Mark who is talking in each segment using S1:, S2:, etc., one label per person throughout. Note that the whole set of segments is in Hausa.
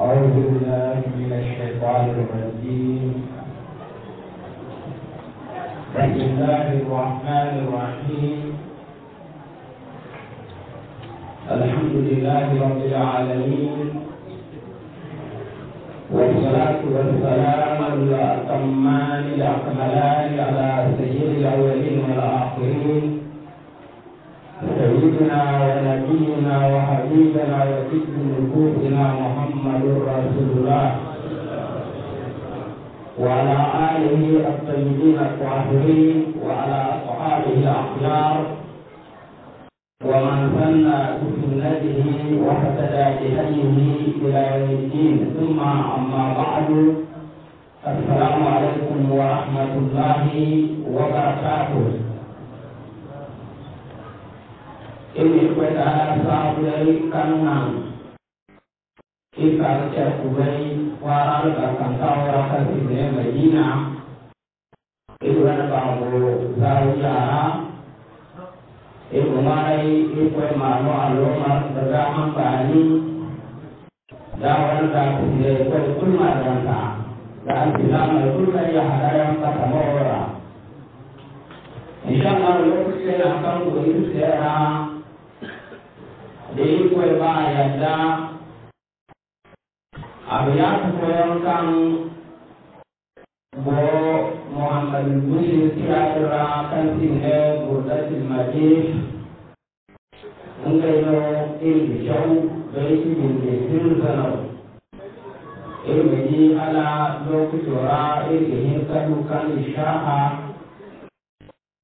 S1: أعوذ بالله من الشيطان الرجيم بسم الله
S2: الرحمن الرحيم الحمد لله رب العالمين والصلاة والسلام الأتمان الأكملان على سيد الأولين والآخرين سيدنا ونبينا وحبيبنا وسيد نفوسنا محمد رسول الله وعلى آله الطيبين الطاهرين وعلى أصحابه الأخيار ومن سن بسنته واهتدى بهديه إلى يوم الدين ثم أما بعد السلام عليكم ورحمة الله وبركاته ini kepada sahabat kami إفعلت أبي وأعرف أن تورك في المدينة إذ بعض زوجها إذ ماري إذ مارو ألوما تزاهم باني دعوان تاكم لكل كل ما تنفع لأن سلام الكل يحدى ينفع مورا إن شاء الله لكل سنة كم تريد سيرا da yi kwai ba a yadda Abiyatu koyarkan bo Muhammad Bushir tiadra kantin he burdatil majid Ungaino ilmi shaw baiti min desir zanaw Ilmi ji ala lokutura ilmi hinkadu kan isha'a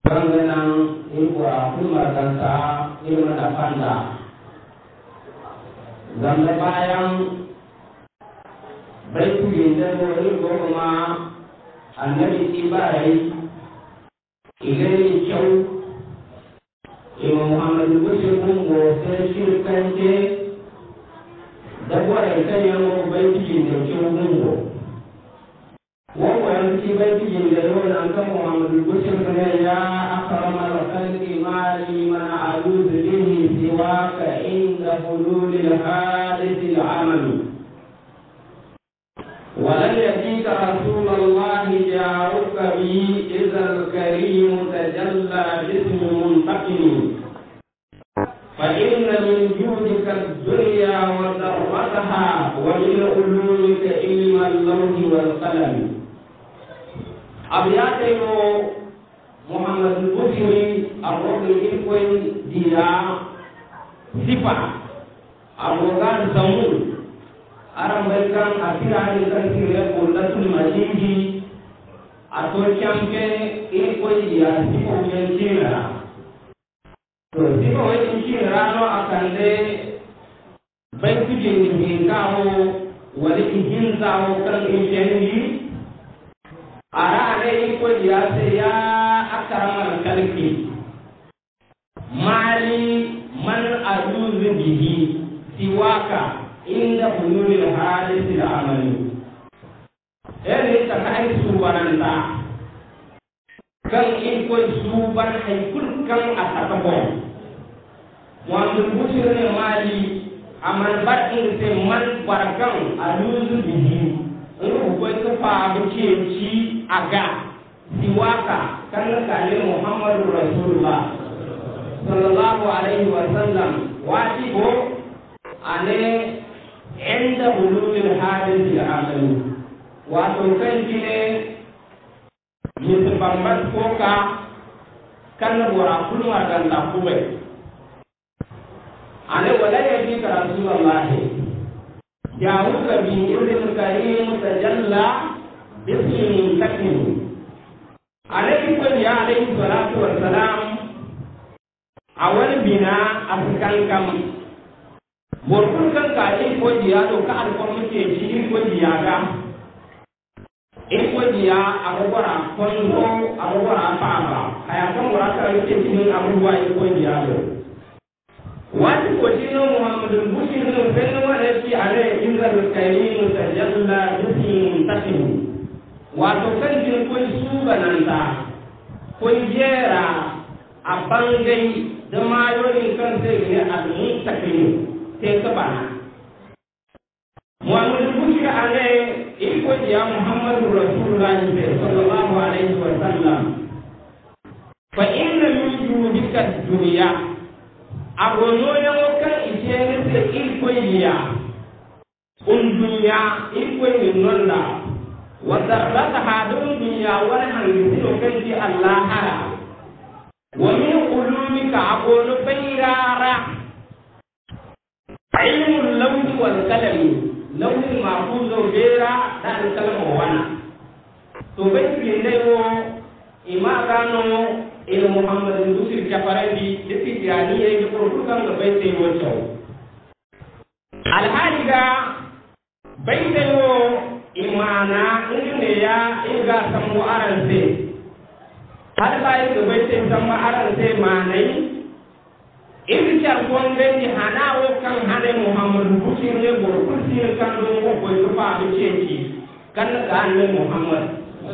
S2: Banganan ilwa kumarganta ilmi da fanda Zamda bayan yi da wani goma annabi shi ba yayi idan kyau ima muhammad bushe kun go sai shirkan ke da kwarai kan yamo baitu yi da kyau kun go wannan shi baitu yi da wani an kan muhammad bushe kun ya akrama al-khalqi ma liman a'udhu bihi ka inda hulul al amalu ولن يأتيك رسول الله جارك به إذا الكريم تجلى باسم منتقم فإن من جودك الدنيا وثروتها ومن علومك علم اللوح والقلم أبيات محمد البوشري الرجل إلكوين ديرا صفة الرجال سمون arambe eh, kan afira ani kan tire qollatul majiji ato chamke e koyi ya tipo yenjira to tipo yenjira no akande bai kuje ni kawo wani ihin zawo kan injeni ara ne e koyi ya se ya akaraman kalki mali man ajuzu bihi siwaka inda hululil hadisi da amalu ere ta kai su bananta kan in ko su ban hay kul kan atata ko wan mutir ne mali amal bat in te man barakan aluzu bihi ru ko ta fa bu ke ci aga siwaka kan ka ne muhammadu rasulullah sallallahu alaihi wa sallam wajibo ane inda bulugin halin da amalu wato kan shi ne yusuf bambam koka kan wara kulwa kan lafubai ale wala ya bi ka rasulullah dawud bi ibn Jalla, tajalla bismi takmin alayhi wa alayhi salatu wa salam awal bina afkan kam borkun kan ka in ko diya do ka al kon ke ji in ko diya ga in ko diya agora kon ko a pa ba aya kon gora ka ke ci in abuwa in ko diya do wati ko ji no muhammadun bushi no ben shi re ki are in da kayin ta yalla tafi tasim wato kan jin ko su bananta ko jera a bangai da mayoyin kan sai ne a mutakin te sabana muhammadu bushra ale iko ya muhammadu rasulullah sallallahu alaihi wa sallam fa inna min judika dunya agono ne mo kan ijene te iko ya un dunya iko ni nonna wa dakhlatha hadun dunya wa han yusino kan di allah hara wa min ulumika agono bayrara wani kalami launin mafu bera da an kalama wani. to bai ki ne wo ima gano ina muhammadin dusir da fi tirani ya yi kurkukan da bai sai wancan alhali ga bai sai wo imana ne ya inga samu aran har bayan da bai sai samu aran sai manai indi carkon lendi hana wo kan hane muhammadu kusinre goro kusine kando ngo boyto faaɓe cenci kanna ka ne muhammad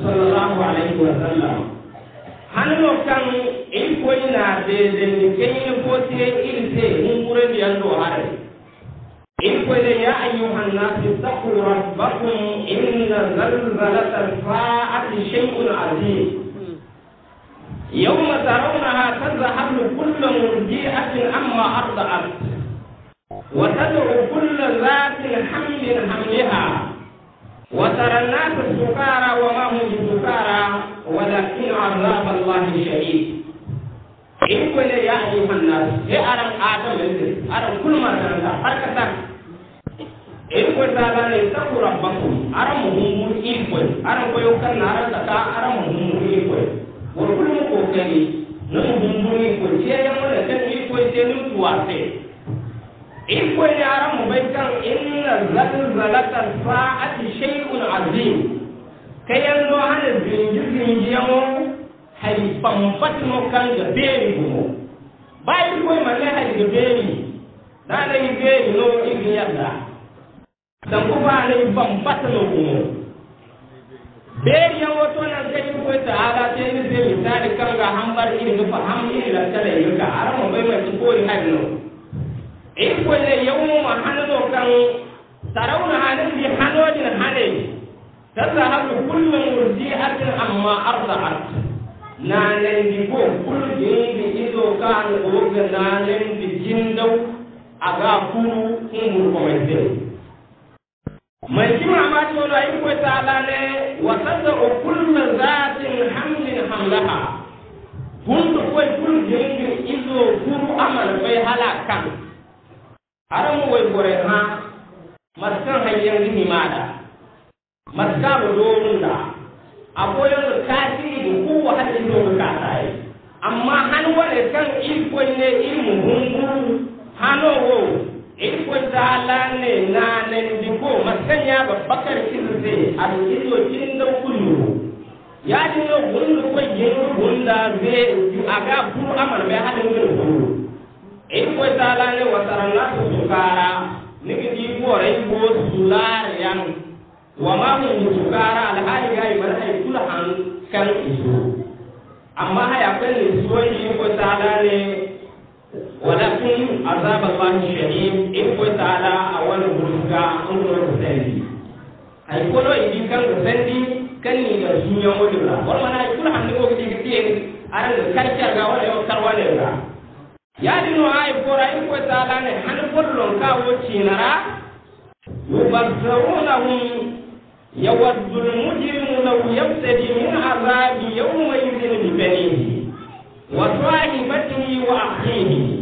S2: sallallahu alayhi wa sallam hanno kan in koyna dedenni keñine fotire ilse humɓurendi anndo hare in koyne ya ayuha nnasi ittaqu rabbakum inna zalzalata alfaati shey'un azim يوم wata تذهل كل مرجئة عما أرضعت وتدعو كل ذات حمل حملها وترى الناس سكارى وما هم بسكارى ولكن عذاب الله شديد in kone ya a yi fanna sai aran adam yanzu aran kulma da har in kun ta gane ta kuran baku aran muhimmin ikon aran koyo kan na aran tsaka aran muhimmin ikon wani kokari na udundun ikon sai ya mana kan ikon sai nutu wase ikon yaran mu bai kan inna zalzalatar sa'ati shay'un azim kai yanzu hana zingi zingi yamo kan ga beri gumo bai ikon mane ga beri na da beri no ibi dan kuma ne ban fatino beriyan woto na zai ko ta ala te ni zai misali kan ga hambar iri mu faham iri la tala iri ka ara mo bai mai ko ri hadno e ko le yawmu ma hanno kan tarawna hanin bi hanodin hanai tazahab kullu murdi'atin amma na nan bi ko kullu jinni izo kan ko ga nan bi jindau aga kuru umur ko mai Mai majima ma tolo ay ko taala le wa tadda kullu zatin hamlin hamlaha bun ko bun jirgin izo kuru amal bay halakan haram way bore ha maskan hayyan ni mala maska dodunda aboyon kasi bu ku wa hadin do ka tai amma han wale kan ilko ne ilmu hunguru hano wo In ikkunta lanne nanen digo masanya ba bakar a kirze alkizo kinda kullu ya dinga gundu ko yingu gunda be yu aga buru amal be hadin ngi buru ikkunta lanne wasarana sukara nigi di gore bo sular yan wa ma mun sukara al hali ga ibar ay kulhan kan isu amma haya kan ni soyi ko ne. ولكن عذاب الله الشديد إن قلت على أول ملوكا أنظر أي هيقول إذا كان رسالي كان يرسل يوم الجمعة والله أنا يقول عن نقوة كتير أنا الكالتشر قاوة يوم كروان الجمعة يا دينو هاي بورا إن قلت على نحن كلهم كاوة تشينرا يبصرونهم يود المجرم لو يبتدي من عذاب يومئذ ببنيه وصاحبته وأخيه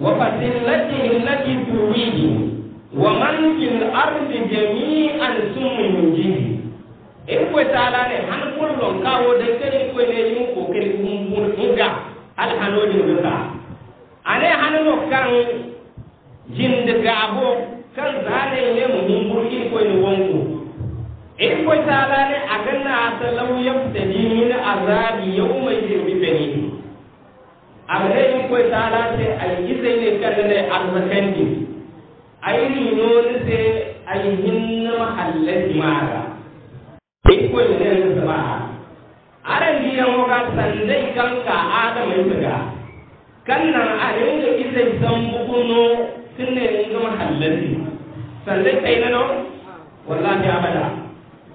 S2: وفسلته التي ترويه ومن في الأرض جميعا ثم ينجيه in kwe taala ne han kullon kawo da kare kwe ne yin kokari kun hinga al hanojin duka ane hanno kan jinde gabo kan zane ne mu himbur in kwe ne wonku in kwe taala ne aganna asalau yabtadi min agare ko ne te ne isene karne almakandi ay ni non te ay hinna mahallati mara ay ko ne sama ara ndiya mo ga sande kan ka ada mai daga kan nan are ne zan zambu no sun ne ga san dai kai na no wallahi abada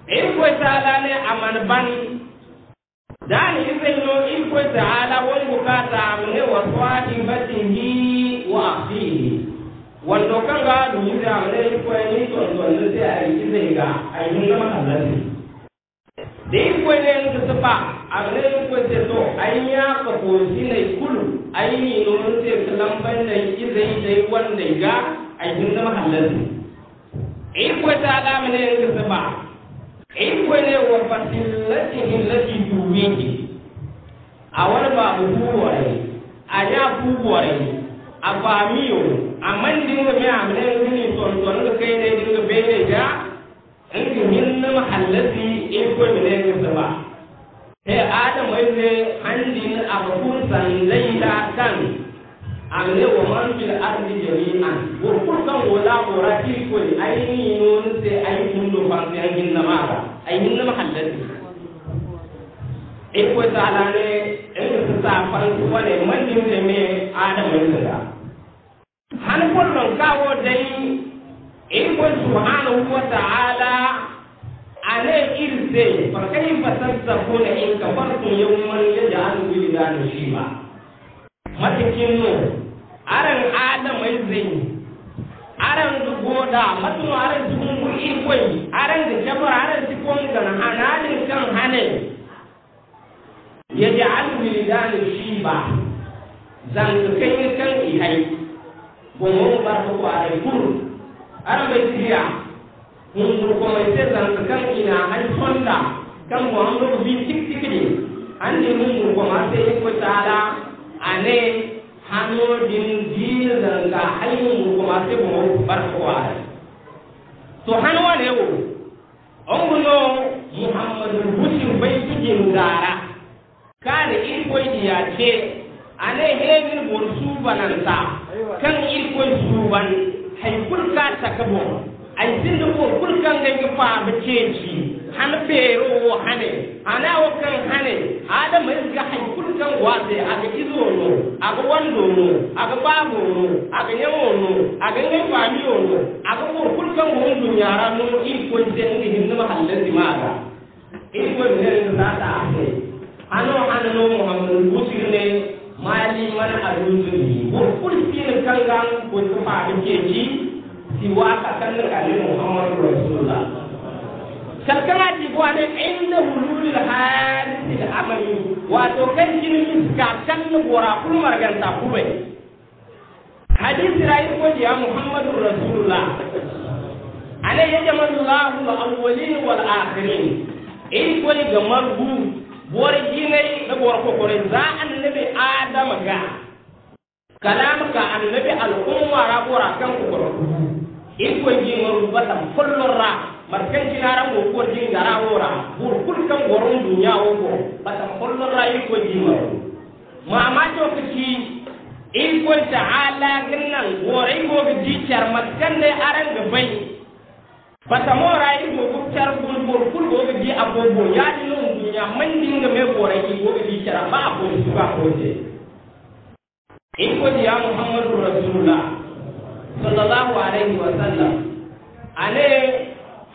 S2: ay ko ala ne aman ban dani yi no ay ta ala wani bukata wa وأخيه wanda kan ga domin da amare ko ya ni to to ne sai a yi zai ga a yi zama Allah ne da yi ko ne yanzu su fa amare ko sai to an ya ka ko shi ne kullu ai ni no mun sai kalan ban da yi zai dai wanda ga a yi zama Allah ne in ko ta alama ne yanzu su fa in ko ne wa fasilatihi lati duwiki a wani babu ruwa ne anya kuwore afamiyo amman dinga me amne ngini ton ton ga kayne dinga bene ja ngi hinna mahallati e ko mene ngi ba he adam ne handin afkun san laila kan amne wa man fil ardi jami'an wa kulkan wala qurati ko ni ayni non se ay do ban ne na ma ay hinna mahallati e ko ta'ala ne in eh, sa farko wani manjin da mai adamin da. han kullum kawo dai ikon subhanahu wa ta'ala ale irse farkai fasarsa ko da in ka farko yawman ya ji an gudu da shi ba matakin nu aran adamai zai aran goda matu aran zuwa ikon aran da jabar aran sikon gana hanalin kan hanai ya ji da dalil shi ba zan ka kai kan ihai gongon bar ko arai kur arabe tiya mun ko mai te zan ka kan ina ai sonda kan mu an go bin tik tik ni an ni mun ko ma te ko tala ane hano din din zan ka ai mun ko ma te gongon bar ko arai to hano ne wo on go muhammadu husin bai cikin gara kare irkoy diyace ane hebir bor ta, kan irkoy suban hay kulka takabo ay sinda ko kulka ngi fa ba ceci han bero wo hane ana wo kan hane ada mai ga hay kulka wase aga izo no aga wando no aga babo no aga yawo no aga ngi fa mi no aga ko no ta ano anano muhammadu busirne mali mana adunzuni wor kulsini kangan bonto faade keji siwa ka kanne kanne muhammadu rasulullah kalkana di bwane inda hululil hadisil amali wato kan jini miska kanne bora kul marganta kube hadis rai ko ya muhammadu rasulullah ana yajmallahu al-awwalin wal akhirin in kulli gamar bu bor yinai na bor kokore za annabi adam ga kalam ka annabi al'umma ra bora kan kokoro in ko ji ngor batam ra. mar kan ji naram go ko ji ngara wora bur kul kan goron dunya o go batam ra in ko ji ngor ma ma to kici in ko ala ginnan gore go ji char makkan ne aran ga bai
S1: pasamora yi mo ko
S2: char bul bul kul go bi abo bo ya ni no ni ya man dinga me ko ra ki go bi char ba ko su ba ko je in ko ya muhammadu rasulullah sallallahu alaihi wa sallam ale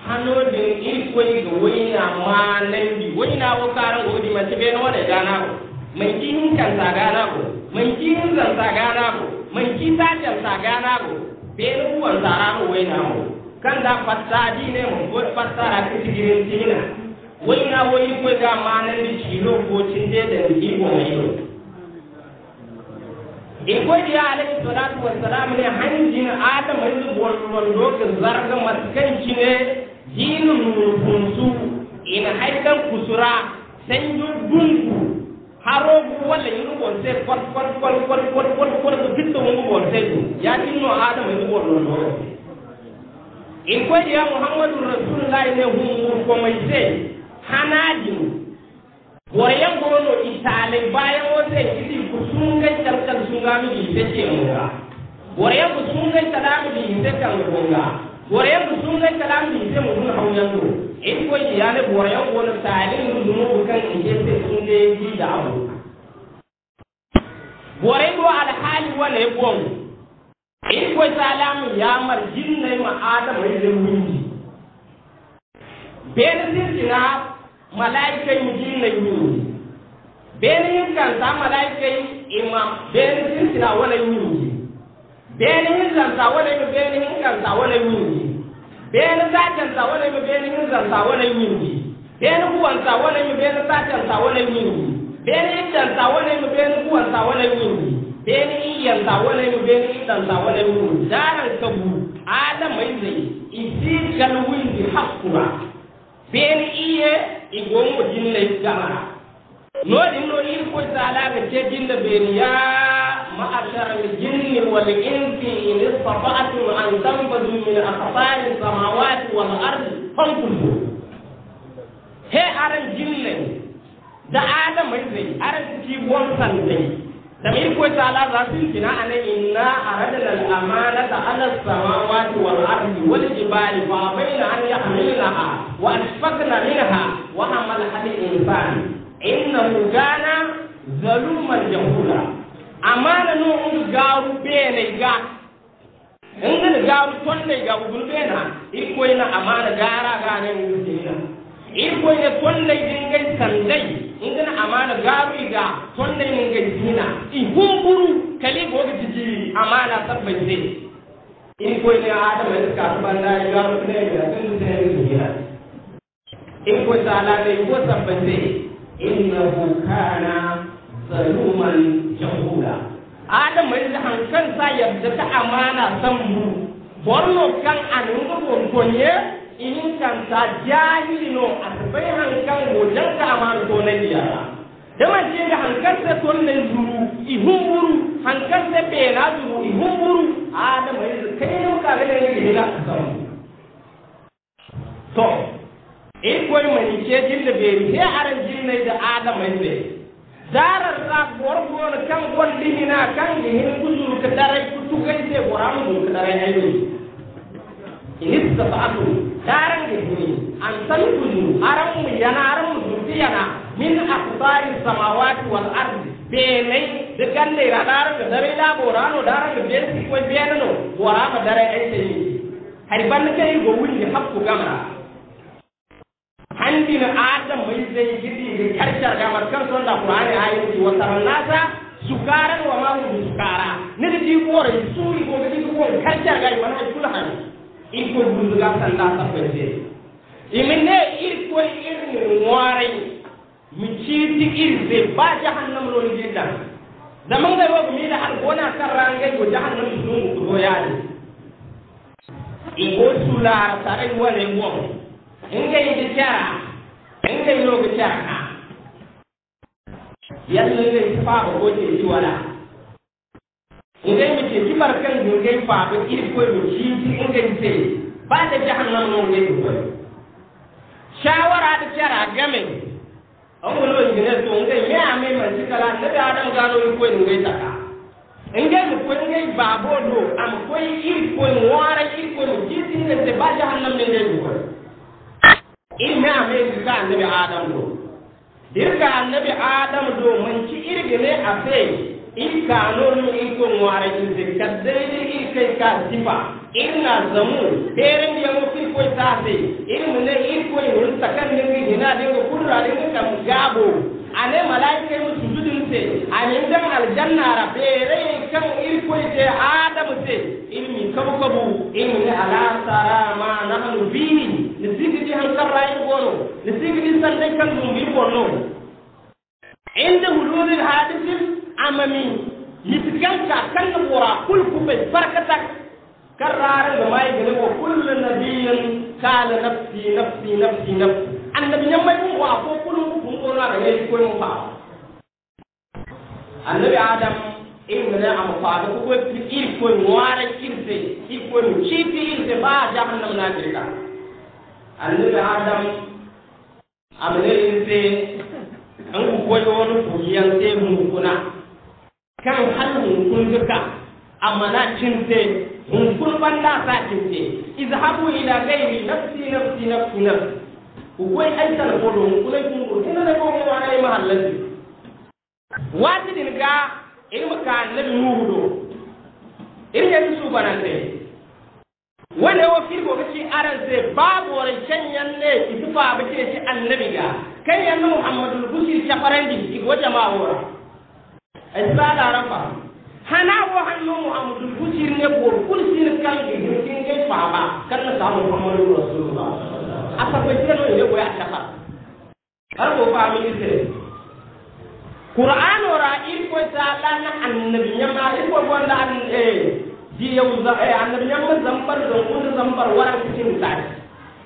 S2: hano din in ko ni go wi na ma nan bi wi na wo karan go di ma te be no da gana ko mai kin kan sa gana ko mai kin zan sa gana ko man kin ta ta gana ko be no wan sa ra ko wi na ko kanda fassadi ne mo go fassara ti girin tina wayna wayi ko ga manan di chilo ko cinde da ni ko mayo a ko dia alayhi salatu salam ne hanjin adam hin bol bol do ke zarga maskan chine jin eh, nurfunsu in haikan kusura sanjo gungu haro bu wala ni bon se kot kot kot kot kot kot ko bitto mo bon se ya tinno adam hin bol bol do in inkodi ya muhammadu rasulullahi ne humur ko mai hana hanadin boyan gono itale bayan wote kiti ga tarkan sungami di tete munga boyan kusunga talami di sun munga boyan kusunga talami di mu munga hawyan do inkodi ya ne boyan gono talin dumu ce sun ga di da abu do go alhali wala yabon in ko salamu ya mar jinnai ma adam ay de windi ben sirtina malaika yi jinne wuni ben hinkan ta malaika yi imam ben sirtina wala wuni ben hinkan ta wala yi ben hinkan ta wala windi ben zakan ta wala yi ben hinkan ta wala wuni ben kuwan ta wala yi ben zakan ta wala wuni ben hinkan ta wala yi ben kuwan ta wala wuni beni yanta wala mu beni tanta wala mu daran kabu adam mai zai isi kan windi hakura beni iye igongo jinne gara no din no in ko sala ga ce jinda beni ya ma ashara al jinni wal insi in istata'tum an tanfadu min aqfal samawati wal ardi fanfudu he aran jinne da adam mai zai aran ti san dai damir ko ta ala rasul kina ana inna aradna al amanata ala samawati wal ardi wal jibali fa bayna an yahmilnaha wa ashfaqna minha wa hamalaha al insan innahu kana zaluman jahula amana no un garu bene ga in garu tonne ga bul bena ikoy na amana gara ga ne mutina ikoy na tonne dingay sandai In ingana amana garu ga tonne min ga dina i humburu kali go ga jiji amana sabbai ne in ko ne adam ne ka banda ya ga ne da kan ne ne in ko sala ne ko sabbai ne na kana zaluman jahula adam ne da hankan sa yadda ta amana sambu borno kan anungo gonye inin kanta jahilino asibai hankan gojan ka amanu to na biyara yama ce da hankarsa ton na zuru ihun buru hankarsa bena zuru ihun buru adama yanzu kai ne ka ga ne ne ga samu to in koy mani ce jilla beri he aran ne da adama ne zarar ra bor gon kan gon dihina kan dihin kuzuru ka darai kutukai te boram gon ka darai ayi ini sabatu daran gini an san kullu aran mu yana aran mu dutiyana min akbari samawati wal ardi benai de galle ra daran da dare la borano daran da ben ko benano wara ma dare ai sai har ban kai go wuri hakku gamra handin adam mai zai gidi da karshar gamar kan son da qur'ani ayati wa tarallata sukaran wa ma hum sukara ne di ko re suri go gidi ko karshar ga mana kula hanu irko bunduga sanda sapete imine irko irni ngwari mi citi irze ba jahannam lo ndinda zamanga wo mi da har gona karanga go jahannam dum go yaade igo sula sare wale ngo inga yidi cara inga yo go cara yalla le fa go je wala ngai mi ce kimar kan ni ngai fa ba iri ko ci ci ngai ba ko shawara da shara game on ko lo ngine to ngai me a me man kala da adam gano ko ngai ta ka ngai ko ngai babo do am ko wara ko ci ci ne ba ko in a me ka annabi adam do dirga annabi adam do man ci Ika, ka nonu in ko ngware in de kadde il kai ka dipa in na zamu teren ya mu fi ko tase in mu ne in ko in takan ne ni na de ko kurra de ko kam gabo ane malaika mu sujudin se ane dan aljanna ra bere kan il ko je adam se in mi kabu kabu in ne ala sara ma nahnu bi ni sigidi han karrai gono ni sigidi sande kan dum bi bonno inda hulul hadithin amami yitganka kanga wora kul be barkata karrara da mai gele ko kullu nabiyin kala nafsi nafsi nafsi nafsi annabi mai ko wa ko kullu kun ko na da yayi ko mun fa annabi adam imna am fa da ko ir ko wara kirse ki ko ir irse ba jahannam na dirka annabi adam amne irse an ko yo no ko yan te mun kuna kan hannu mun kun duka amma na cinte mun kun banda sa cinte izhabu ila ghairi nafsi nafsi nafsi nafsi ukwai aitar bodo mun kulai kun ko kina da ko ma na yi mahallati wati din ga in maka annabi nuhu do in ya su bana sai wanda wa firgo kace aran sai babu wani canyan ne itufa bace shi annabi ga kai annabi muhammadul busir ki ko jama'a isbala rafa hana wo hanno muhammadu kusir ne ko kulsir kan ke hin ke faba kan na samu muhammadu rasulullah asa ko tiro ne ko ya tafa har ko fa mi ne qur'an ora ir ko ta lana annabi nyama ir ko bonda an eh di yau za eh annabi nyama zambar don kun zambar wara cikin ta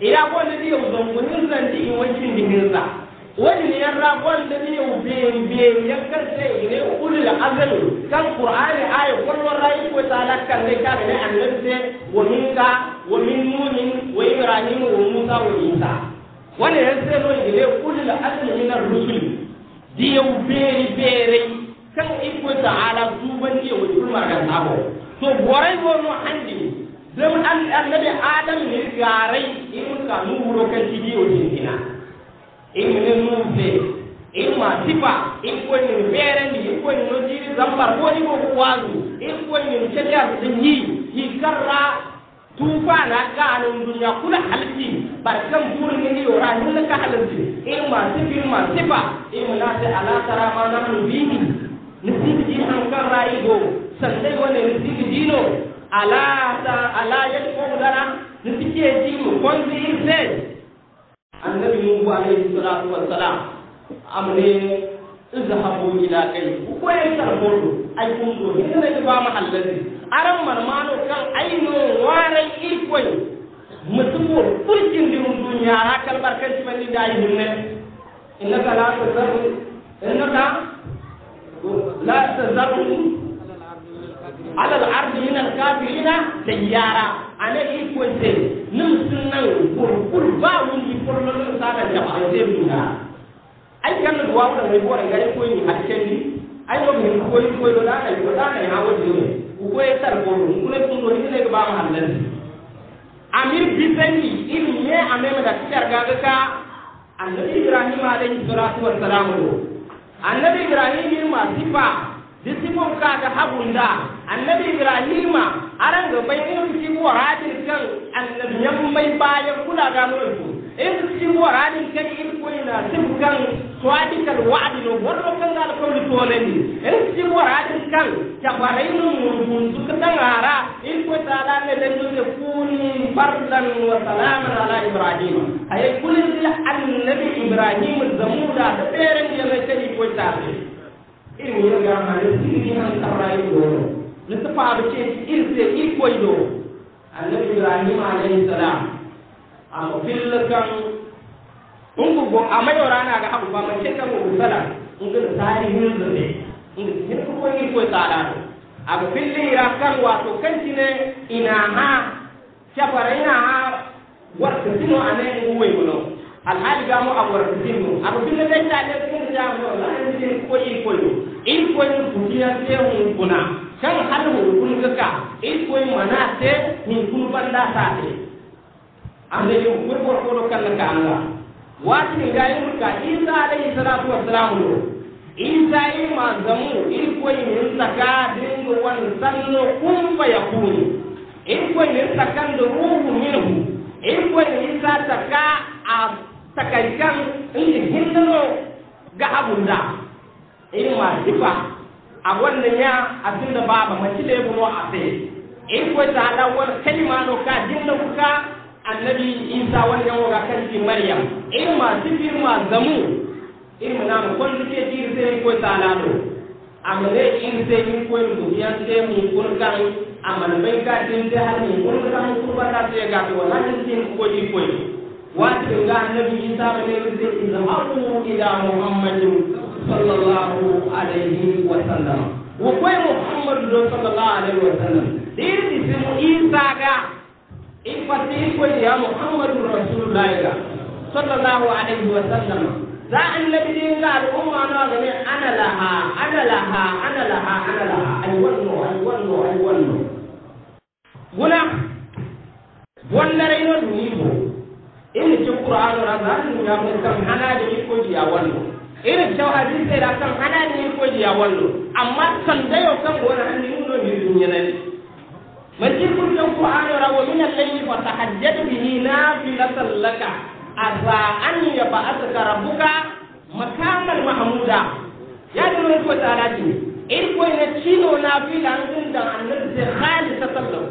S2: ira ko ne di yau zan kun zan di in wajin di mirza wani yan rabon da ne yau biyan biyan ya karfe ne da azami kan qur'ani ayi kullu rayi ko ta'ala kan ne ka ne annabi ne wa minka wa min nunin wa ibrahim wa musa wa isa wani ya sai no ne ulul azmi min ar-rusul yau beri beri kan iko ta'ala duban ne wa kullu ma sabo to borai go no handi dan annabi adam ne garai in ka nuro kan tidiyo dinina inginunze inmatipa inkoni vereni inkoni nojiri zambar koni ko kwazu inkoni nchete azinyi hikarra tufana ka anan dunya kula halki barkan burin ne yo rahil ka halki inmatipa inmatipa imnate ala tara ma na nanu bihi nisiki ji hankar rayi go sandai wani nisiki dino ala ta ala yadda ko dara nisiki ji ko konzi irse annabi nuhu alayhi salatu salam amne izhabu ila kai ku ko ya tarbodo ai kun zo hinna ki ba mahallati aran marmano kan aino waran irkoi mutubo furkin din duniya hakal barkan ci bani dai inna innaka la inna ta la tazaru ala al-ardi min al kafirina tayyara ne i konte nim sun nan kurkul ba wundi kurlolon sanan da ba sai mi na ai kan da wa da ko bore gare ko ni a ni ai yo mi ko ni ko da na ko da na ha ji ne ku ko e tar ko ku ne kun woni ne ba ma halan amir bi bisani in ne amema da tsar ga ka annabi ibrahim alayhi salatu wassalam annabi ibrahim ma sifa disimon ka da habunda annabi ibrahima aran ga bai in ci waradin kan annabiyan mai bayan kula ga ku in ci radin kan in ko ina tim kan swadi kan wa'di no warro kan da ko ni to ne in ci radin kan ta barai no mun su kan ara in ko ta da ne da ne kuni barlan wa salaman ala ibrahima ay kulli annabi ibrahim zamuda da beren ya ne ko ta iri wo yɛrɛ gaa maana ni hali sabara yi dɔɔrɔ ni ti paa iri se iri do ibrahim alayhi salam a ma fili kan n ko bɔ a ma ga abu ba ma kyɛ ka ma o sara n ko taari hin zunde n ko hin ko koyi do a ma fili kan ina ha sabara ina ha sino ane n ko woyi alhaali ga mo abor tinno A tinno be ta de ko ja mo la ni ko koyi ko in koyi yi ya te hun kuna kan hal ho kun ka koyi mana ko yi mana te hun kun banda ta te ande yo ko ko ko kan ka anga wati ni ga yi ka isa alayhi salatu wassalamu do isa yi ma zamu in koyi yi min saka dingo wan sanno kun fa yakunu in koyi yi min sakan do ruhu minhu in koyi yi isa saka a sakari kan inda hindano ga abunda da in ma difa a wannan ya asin da baba mace da yabo a sai in ko ta da war kalima no ka dinna kuka annabi isa wannan wura kan ji maryam in ma sifir ma zamu in na mu kon ke ji sai ko ta da do amare in sai in ko mu ya sai mu kun kan amal bai ka din da har mu kun kan ku ba ta sai ga ko wannan din ko ji ko wato ga annabi isa ba ne zai izharu ila muhammadin sallallahu alaihi wa sallam wa muhammadu don sallallahu alaihi wa sallam dir isimu isa ga in fati ko ya muhammadu rasulullahi ga sallallahu alaihi wa sallam za annabi din ga al'umma na ga ne ana laha ana laha ana laha ana laha guna ini ci qur'an ra na ni ya mun kan hana da ni ko jiya wallo ini ci hadisi ra kan hana da ni ko jiya wallo amma kan da yo kan wala an ni no ni dunya ne maji kun kan qur'an ra wa min al-layli fa tahajjad bihi nafilatan laka asa an ya ba'athaka rabbuka makamal mahmuda ya dole ko ta'ala ji in ko ina ci nafila an din da annabi sai khalisatan lahu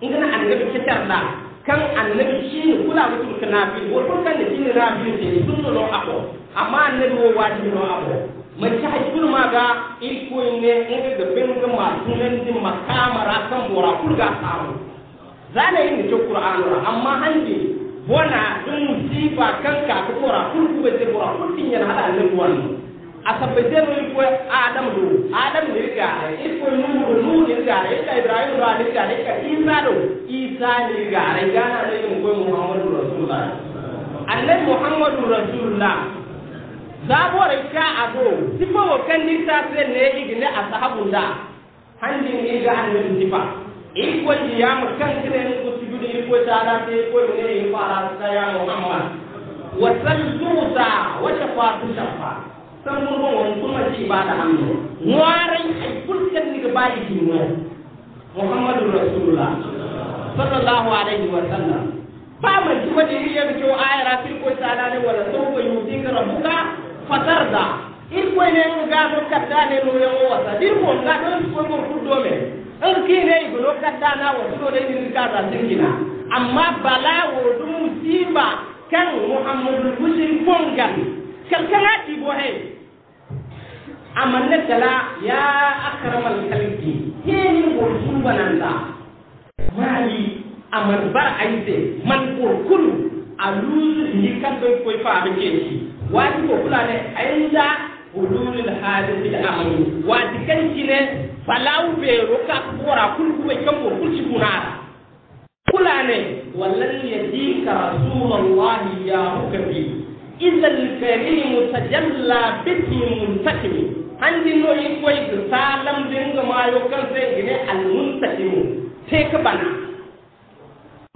S2: in kana annabi kitar da kan annabi shi ne kula mutum ka nafi wo tun kan shi ne nafi ne sun zo no abu amma annabi wo wadi no ako man ta hakkul ma ga iko ko ne in ga ben ga ma tunan din makamara kan bora kurga samu za na yi ce kur'anu amma hande bona dun sifa kan ka bora bora kurku ce bora kurtin yana hada annabi wannan asabbeteru ko adam do adam ni ga ko nu ko nu ni ga ka ibrahim do ali ga ka isa do isa ni ga re ga na ne ko muhammadu rasulullah annai muhammadu rasulullah zabo re ka ado sifa wo kan ni ta se ne igne ashabu da handi ni ga an ni ko iko ya mu kan ne ko sujudu ko tara te ko ne fara ta ya muhammad wa sallu ta wa shafa'atu shafa. samurgo won tuma ci ibada amno ngwara ay fulkan ni bayi ci mo muhammadu rasulullah sallallahu alaihi wa sallam ba ma ci wadi riya ko ayara fil ko salale wala sawfa yutika rabbuka fatarda il ko ne ga ko katta ne no yo wasa dir ko ga don ko ko fuddo me an ki ne ko no na wo to de ni ka ta singina amma bala wo dum musiba kan muhammadu muslim bongan kan kan ati bo he amanna tala ya akramal khalqi heni gol sumbananda mali amar bar ayte man gol kulu alul ni kaddo ko faabe kenci wati ko fulane ayda hululul hadisi amani wati kanci ne falaw be roka bora kul ko kan gol kul kunara fulane wallan yadika rasulullahi ya hukabi إذا الكريم تجلى به منتقم handi no yi koy salam dinga yo kan sai gine al mustaqimu te ka ban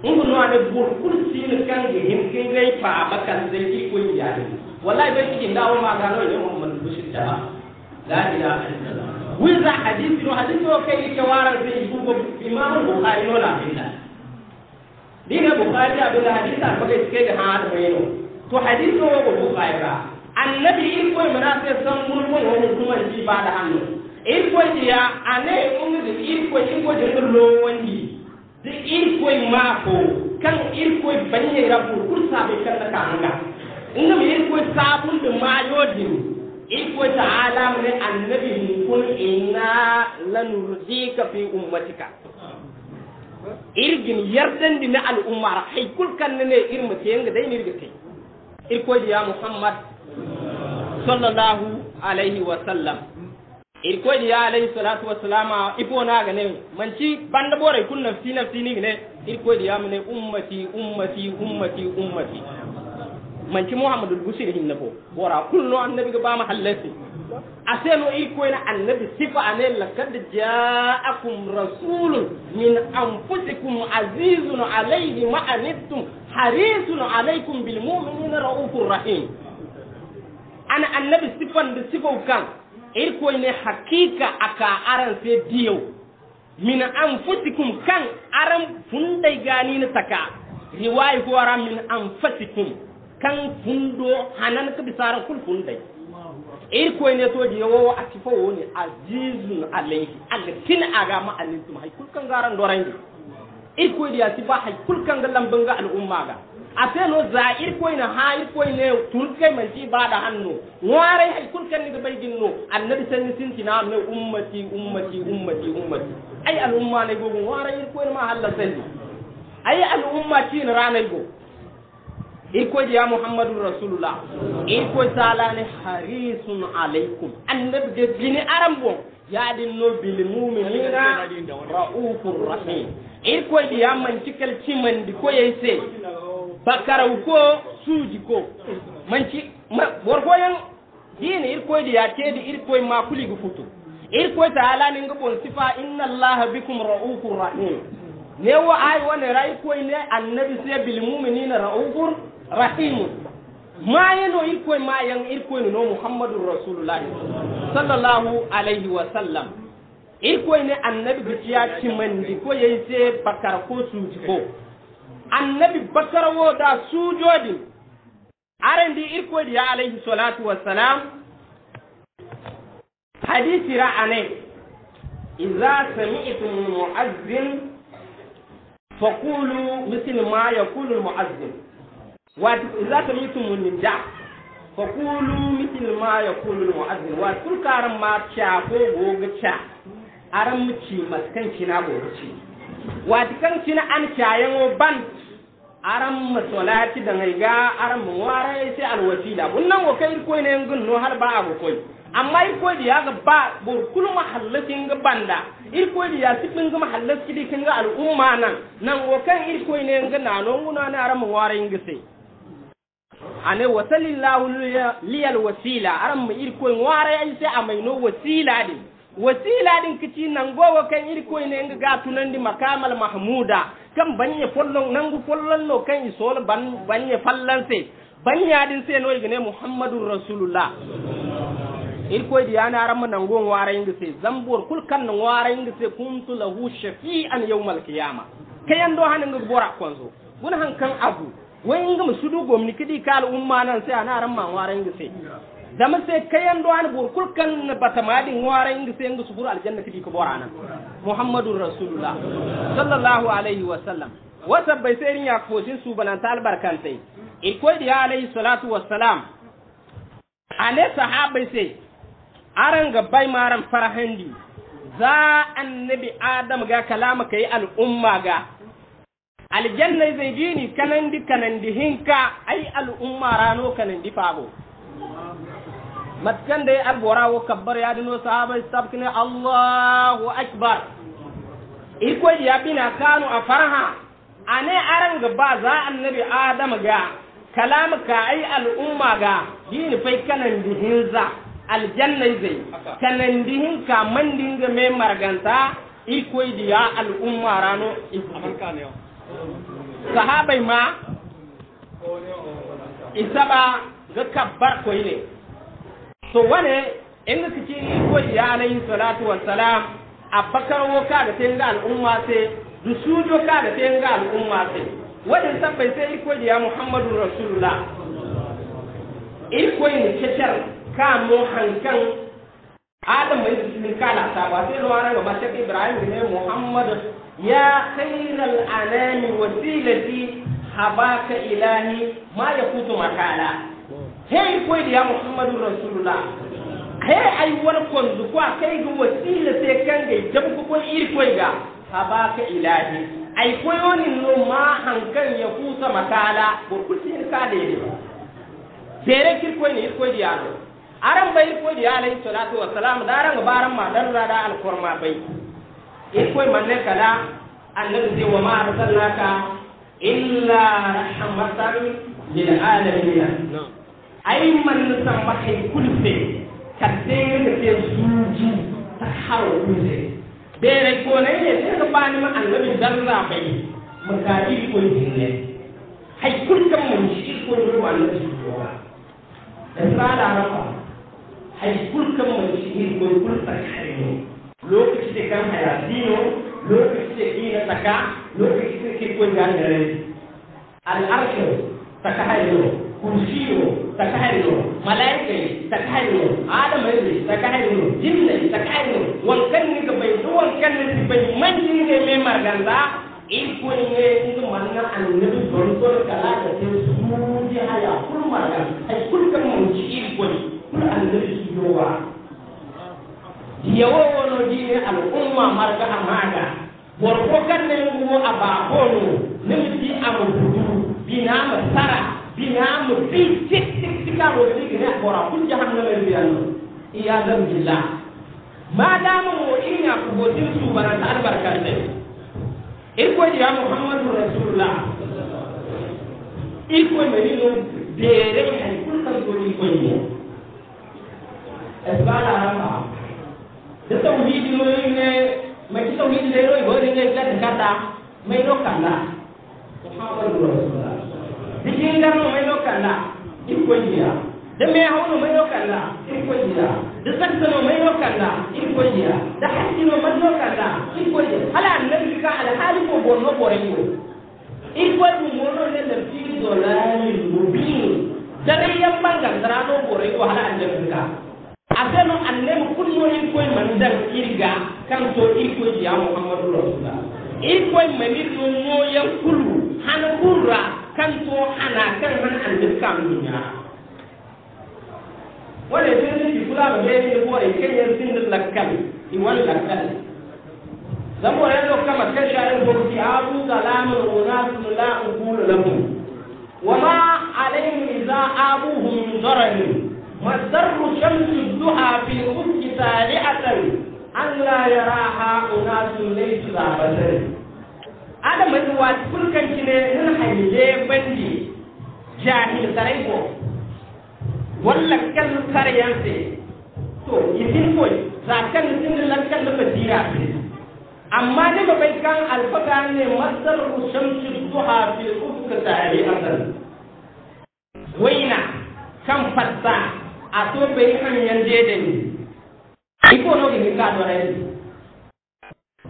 S2: mun no ane bur kul sin kan ge him ke gai pa ba kan sai ki koy ya ne wallahi bai kin ndaw ma ga no man bu bishir ta la ila illallah wiza hadith no hadith o kai ke waral be bu ko imam bukhari no la billa dina bukhari abin hadisi ba kai ke da hadu ne to hadisi o go bukhari annabi il koy mana se san mun wani woni kuma ji ba da hannu il koy ya ane un de il koy in koy de lo woni de il koy ma ko kan il koy banye ko kur be kan da kanga inda mi il koy bun de ma yodin il koy ta alam ne annabi mun kun inna lanurdika fi ummatika irgin yardandi na al'ummar hay kulkan ne irma yanga dai ne irga kai il koy ya muhammad sallallahu alaihi wa sallam irkoy ya alayhi salatu wa salama ipo na ga ne manci banda bore kun nafsi nafsi ni ne irkoy di amne ummati ummati ummati ummati manci muhammadul busiri hinna bo bora kullu annabi ga ba mahallati aseno irkoy na annabi sifa ane kad ja'akum rasulun min anfusikum azizun alaihi ma anittum harisun alaikum bil mu'minina raufur rahim ana annabi sifan da sifau kan irko ne hakika aka aran sai diyo min anfusikum kan aran fundai gani na taka riwayi ko aran min anfusikum kan fundo hanan ka bisara kul fundai irko ne to je wo a tifo woni azizun alayhi alkin aga ma alintum hay kul kan garan dorangi irko dia tifa hay kul kan galan banga al ummaga ga ateno zair koyna hayir koyne man manti baɗa hanno ware hay kulkanniga ɓayginno annabi sanni sintinam ne ummati ummati ummati ummati ay al umma nay gogo warayir koy ma allah salli ay al umma na ranay go koy ya muhammadur rasulullah koy salani harisun aleykum annabi de bini aram bon din no bil muminina raufur rahim koy ya man man di koyey sey bakaraw ko suuji ko manci workoyen dine irkoyde ya ir irkoye ma gu futu irkoye ta ni nga ɓon sifa inna allaha bikum raufur rahim ne wa ay ne ra irkoye ne annabi se bil muminina raufur rahimu ir irkoye ma yan irkoye no muhammadur rasulullah sallallahu alayhi wa sallam irkoye ne annabi man di ko yey se bakara ko suuji ko annabi bakarawo da sujodi arendi irkodi ya alaihi salatu wassalam hadisi ra ane idza sami'tum mu'azzin faqulu mithl ma yaqulu muazzin wa idza sami'tum ninda faqulu mithl ma yaqulu muazzin wa tulkaran ma cha ko goga cha aran mu ci maskan kina goga ci wa tikan kina an cayan ban aram masolati da ga aram wara sai alwasila bunnan ko kai ko ne ngun no har ba abu koi amma ir ko diya ga ba bur kullu mahallatin ga banda ir ko ya sibin ga mahallat kidi kin ga al'umma nan nan ko kan ir ko ne ngun na no ngun na aram wara ngi sai ane wasalillahu liyal wasila aram ir ko wara sai amai no wasila din wasila din kici nan gowa kan iri ko ne nga ga di makamal mahmuda kan banye follon nangu follon no kan isol ban banye fallanse banya din sai no gine muhammadur rasulullah iri koy di yana aram nango wara inga sai zambur kul kan wara inga sai kuntu lahu shafi'an yawmal qiyama kayan do hanan ga bora konzo gun han kan abu wai inga musudu gomni kidi kal umma nan sai ana aram ma wara inga sai dama se kayan do an bur kul kan batama di wara inga se inga subur aljanna ti ko borana muhammadur rasulullah sallallahu alaihi wa sallam wata bai sai rin ya kojin su banan ta albarkantai ikoi di alaihi salatu wassalam ale sahabai se aran bai maran farahandi za annabi adam ga kalama kai al'umma ga aljanna zai ni kanandi kanandi hinka ai umma rano kanandi fago da ya albora kabbar ya dino sahaba sabkine allahu akbar iko ya bina kanu a farha a ne aran ba za annabi adama ga kalam ka ai al'umma ga yin fai kanan dihinza za aljanna zai kanan dihin ka mandin ga mai marganta iko ya al'umma rano sahabai ma isaba ga kabbar koyi ne to wane in ga ci wani ya alayhi salatu salam a bakar woka da ta ga al'umma ce da sujo ka da ta ga al'umma ce wadin tabbai sai iko ya muhammadu rasulullah iko yin cecar ka mo hankan adam mai cikin kala ta ba sai ruwa ga ibrahim ne muhammadu ya khairal anami wasilati habaka ilahi ma yakutu makala hei koy da ya muhammadu rasulullah hei ay wal konzu ko kai ga wasila sai kan ge jab ko ko ir koy ga habaka ilahi ay koy woni no ma hankan ya kusa makala ko kusin ka de ne sere kir koy ni ir koy da ya aran bai ir koy da ya alayhi salatu salam daran ba baran ma dan rada alqurma bai ir koy manne kala annabi wa ma arsalnaka illa rahmatan lil alamin ai man san ba kai ka kadde ne ke suju ta haro kuje bere ko ne ne sai ka bani ma annabi darra bai mun ka iri ko dinne hay kulkan mun shi ko ne annabi ko ba da rafa hay kulkan mun shi ko kulta kare ne lokaci da kan hayatino lokaci da kina taka lokaci da ke ko gangare al-arshu taka hayo kursiyo tsakarinu mala'ikai tsakarinu adamari tsakarinu jinnai tsakarinu wankan ni ga bai zo wankan ni su bai manjin ne mai marganza iko ne ya yi kuma manna annabi bonto da kalaka ta su ji haya kun margan a kulkan mu ji iko ne kun annabi su yowa yawo wani jini al'umma marga a maga warkokan ne ruwa a bakonu nufi a mutu bi na masara binamu bi tik tik tikamo ti kene bora kun jahannama en mbiyanno iyadam billah madama mo iña ko gotin subananta albarkante irkoji ya muhammadu rasulullah irkoy meni no deere hay kulkam goni koymo esbalarama de tawhidi noyne maki tawhidi leyroy goringe gadi kata mayno la muhammadu rasulullah cikin garno mai lokan na in kungiya da mai hauno mai lokan na in kungiya da saksano mai lokan na in kungiya da hakkino mai lokan na in kungiya hala nan ka alhali ko borno borengo in kwatu mono ne da fi dolari mubin dare yan bangan zarano borengo hala an jirka a sanu annabi kullum in koyi manzan irga kan so in kungiya muhammadu rasulullah irkoy mani to moyan kulu han burra kan to hana kan han an diskam dunya wala tin ni kula ba le ni ko e ken yan tin da lakkal i wal kal zamo ya do kama ke kan sha'ir burki abu zalamun wa nasu la aqulu lakum wa ma alaihim iza abuhum min dharani مصدر شمس الضحى في الأفق سارعة أن لا يراها أناس ليس ذا بصر ada mai wa turkan kine hin hayle bandi jahil sarai ko Wala kan sarayan se to yitin ko za kan tin kan da dira amma ne ba bai kan alfaka ne masar shamsu duha fil ufuk sahari asal waina kan fatta a to bai yande da ni iko no bi ka do rai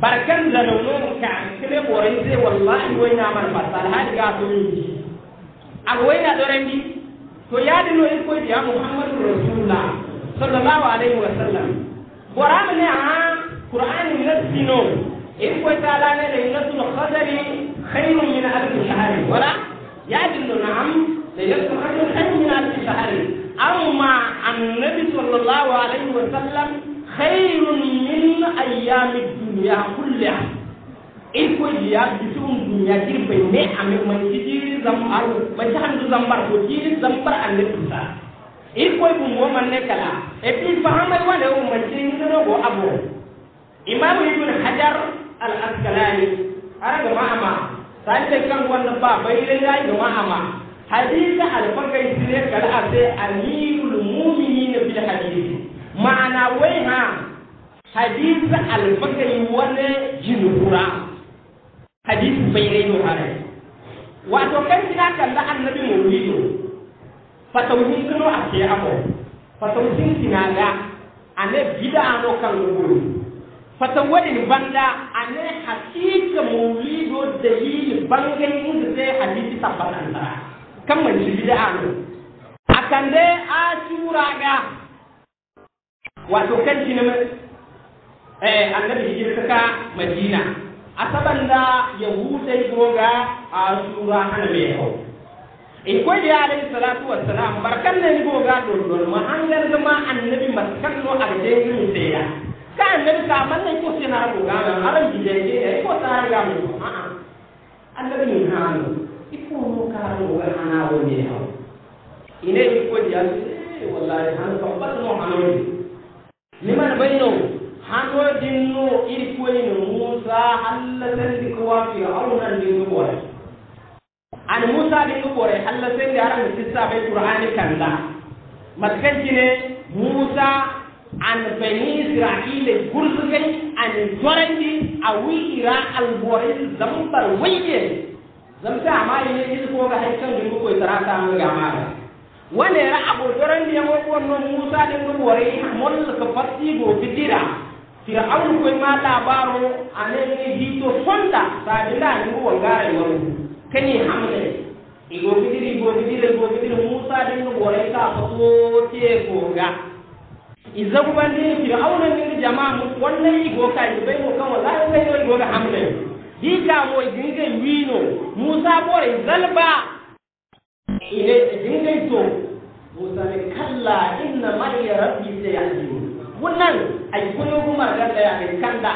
S2: barkan da launo ka kire borai sai wallahi wai na man fasal hadi ga to yi wai na doran bi to ya dino in ko ya muhammadu rasulullah sallallahu alaihi wa sallam boram ne a qur'ani na dino in ko ta la ne na ne. lailatul qadri khairun min alf shahr wala ya dino na'am lailatul qadri khairun min alf shahr amma annabi sallallahu alaihi wa sallam khairun min ayyamid dunya kulliha il ko ya bisum dunya jir bay ne ame man jiri zambar ba jahandu zambar ko jiri zambar ande tusa il ko bu mo man ne kala e pi fahamal wala o man jiri no go abo imam ibn hajar al asqalani araga ma ama sai da kan wanda ba bai da yayi da ma ama hadisi al-fakir sai kala ase amirul mu'minin fil hadisi ma'ana wai ha hadisi alfakari wani jinura hadisi bai rai nuhare wato kan kina kalla annabi mawlidu fatawhin kuno a ke ako fatawhin kina da ane bida ano kan gulu fatawadin banda ane hakika yi dalili bangan da sai hadisi tabbatan tara kan man shi bida ano akande a ga wato kan cinin eh annabi hijir ka madina asaban da yahudai goga a sura hanabe hau in eh, ko ya alayhi salatu wassalam barkan ne goga dondon ma hangar zama annabi maskan no arde sai ya ka annabi ta man ko na goga ma aran bijaje ko ta ga mu a a annabi ni hanu ipo no ka ro ga hana wo ne hau ine ko da eh, wallahi hanu ko ba no hanu liman bainahu hanodinno iri kuwayno musa allah sendi kowa firaunan ndin ɗuɓore ani musa ɗin ɗuɓore allah sendi arani sissaɓe qur'ani kanda matkancine musa an bani israila gursugay ani jorandi a wi'ira albore zambar wayye zamta ama ine ɗiɗi koga hay kan ɗin ɗuɓoy tara tamaga maga wane ra abotoran ndiya mo ko no musa de ko wore mol ko fatti go bidira tira awru ko ma labaro anen ni hito fonda sabila ni go ngare woro kani hamle igo bidiri go bidire go bidire musa de ko wore ka fato tie go ga izabu e, bande tira ne ni jama mu wannan igo ka ibe mo kan wallahi kai no igo ga hamle dika mo ginga wino musa bore zalba Ina daidaito musa ne kalla inna ma'iya rabbi sai ya ji wannan ay koyo kuma ga da ya kai kanda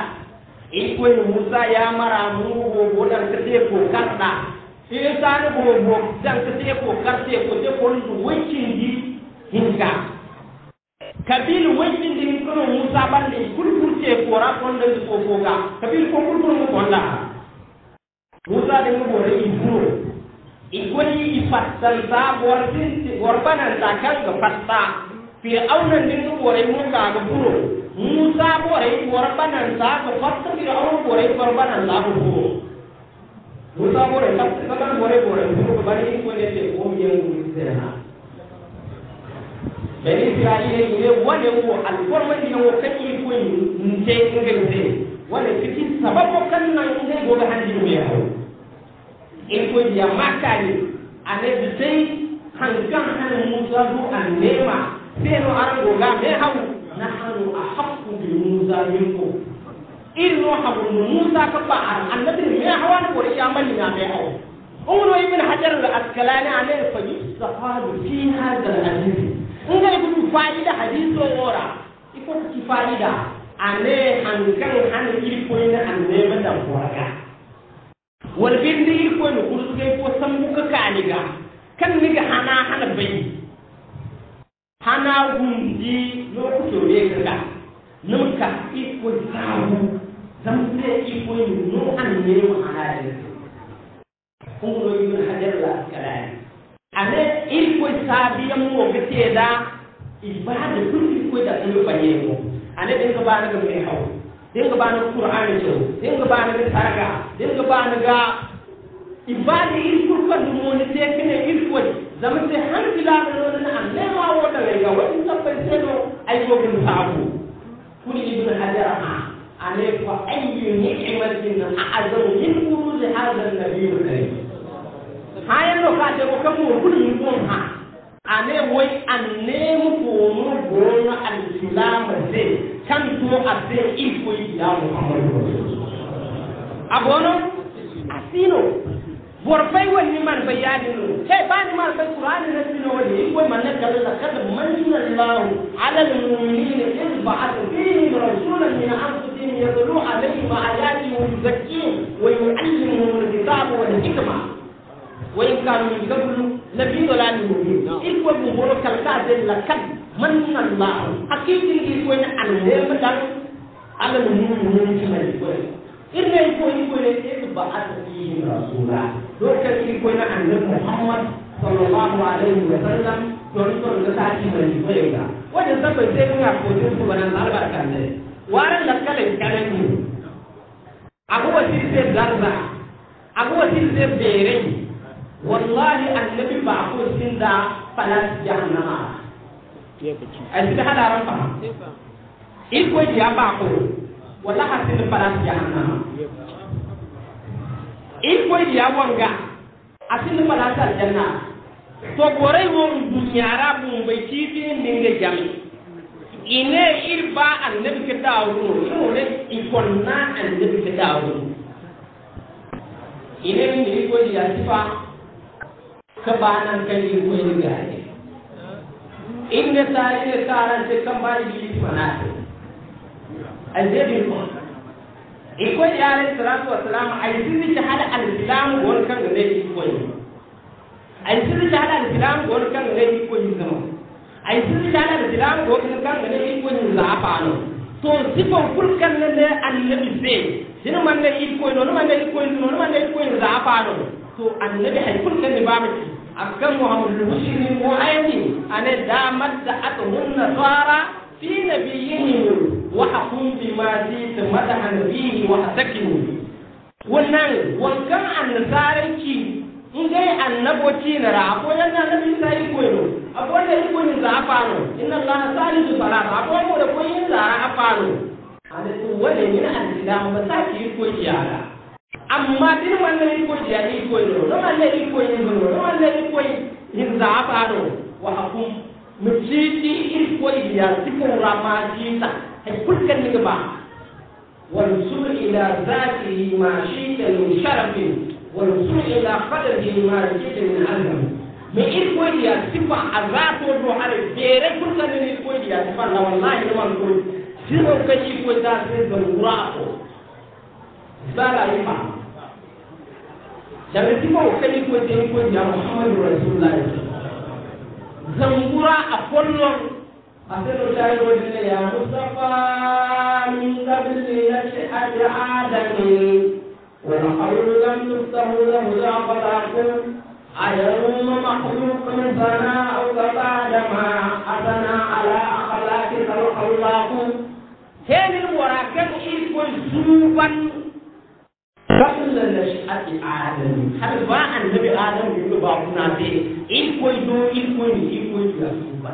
S2: in koyo musa ya mara mu go godan ka sai ko kanda sai san go go dan ka sai ko karte ko te ko ndu wancin di hinga kabil wancin di ko musa ban da kul kul te ko ra ko ndu ko ko ga kabil ko kul kul ko nda musa de mo re iburo igoni ifassan za wartin warbanan za kan ga fasta fi aunan din gore mu ga ga buro musa gore warbanan za ga fasta fi aunan gore warbanan za ga buro musa gore fasta kan gore gore buro bari ko ne ce ko na wurtsena bani isra'ila ne wani wo alforma ne wo kake ko yin nte ngai ne wani cikin sababo kan nan ne go ga hanji ne ya hawo in ko ya makali ane bisai hankan hana musa du an nema sai no aran go ga me hawo na hannu a haqqu bil musa minko irin no hawo musa ka ba annabi me hawa ne ko ya mali na me hawo umro ibn hajar al askalani ane fa yusahadu fi hadha al hadith inga ibn fa'ida hadith wora ifo ki fa'ida ane hankan hana iri ko ina an nema da boraka wal bende yi ko no kuru ge ko sambu ka kaniga kan niga hana hana bai hana gundi no ku to ye kaga numka iko zamu zamte iko no an ne mu hana ne ko ro ibn hajar la kalani ane ir ko sabi yam mo gete da ibada kun ko da kun banye mo ane den ka ba ga mai hawo dinga ba na qur'ani ce dinga ba na targa dinga ba na ga ibadi il kurfa du mo ne te ne il ko zama te har bila no na an ne ma wo da ga wa in ta bai ce no ai go bin sabu kuli ibn hajar ha ane fa ayyu a a'azamu min wurud hadha an-nabiyyu al-karim hayan no ka te ko kamu kuni mun ha ane wai anne mu ko mu gona al-islam zai tanto até isso ideal abono asino warfai wani man bayanin kai ba ni man sai qur'ani na sino wani ko man na kada da kada manna Allah ala al-mu'minin ba ba'atha fihi rasulan min anfusihim yadlu alayhim ayatihi wa yuzakkihim wa yu'allimuhum al-kitaba wal hikma وإن كانوا من قبل لفي ضلال مبين إكو بمور كالكاد لقد من الله حقيقة إن أنهم دار على المؤمن من كمال إلا إكو إكو إتبع فيهم رسولا دوكا إكو إن أنهم محمد صلى الله عليه وسلم يرسل لساتي من يبقى وجه سبب سيكون يقول سبحانه الله كان وارن لكالك كان يقول abubuwa sirse wa abubuwa sirse berai wallahi annabi ba ko sin da falas jahannama a sida hadaran fa in ko ya ba ko wala hasin falas jahannama in ko ya wanga a asin falas aljanna to gore won dunyara bun bai kifi min da jami ine irba annabi ka dawo ne ikonna annabi ka dawo ine min ko ya sifa kebanan kali ko ni gaje inne sai ne saran te kambari ji fana azabi ko iko ya alayhi wa salam aizini ta hada al-islam gon kan ne ko ni aizini ta hada al-islam gon kan ne ko ni sama aizini ta hada al-islam gon kan ne ko ni za pa no to sifon kulkan ne annabi sai hin man ne iko no man ne iko no man ne iko za pa no ne akan muhammadu shine mu aini ane damar da aka hunna tsara fi nabiyyin wa hakum bi ma zita madahan bihi wa hatakinu wannan wankan annasaranci in dai annaboci na ra akwai na annabi ta yi koyo akwai da yi koyo za a fano inna su fara a akwai mu da koyin za a fano a da wani ne an islamu ba sa ki yi koyi yara amma din wannan iko ko ya ni ko no no wanne ni ko ni no no wanne ni ko za a no wa hakum mutiti iko ko ya tikon rama jita hay kulkan ni ba sur ila zati ma shi shita min wal sur ila qadrihi ma shi ta min azam me iko ko ya tipa azato do hare bere kulkan ni ko ya tipa na wallahi man ko sino kaji ko ta sai ban wura zara yi ma jabɛti ma o kɛli ko den ko nya muhammadu rasulilayi zankura a kɔnɔ a se do tari o de ya musafa min kabili ya se a di adami wala hawlu lam tusahu lahu la qalaqu ayawma mahluqun sana aw qabada ma atana ala akhlaqi kal khawlaqu henin wara kan ikon zuban kabla nash'ati adam har ba annabi adam ne ba kuna be il koy do il koy ni il koy ya suba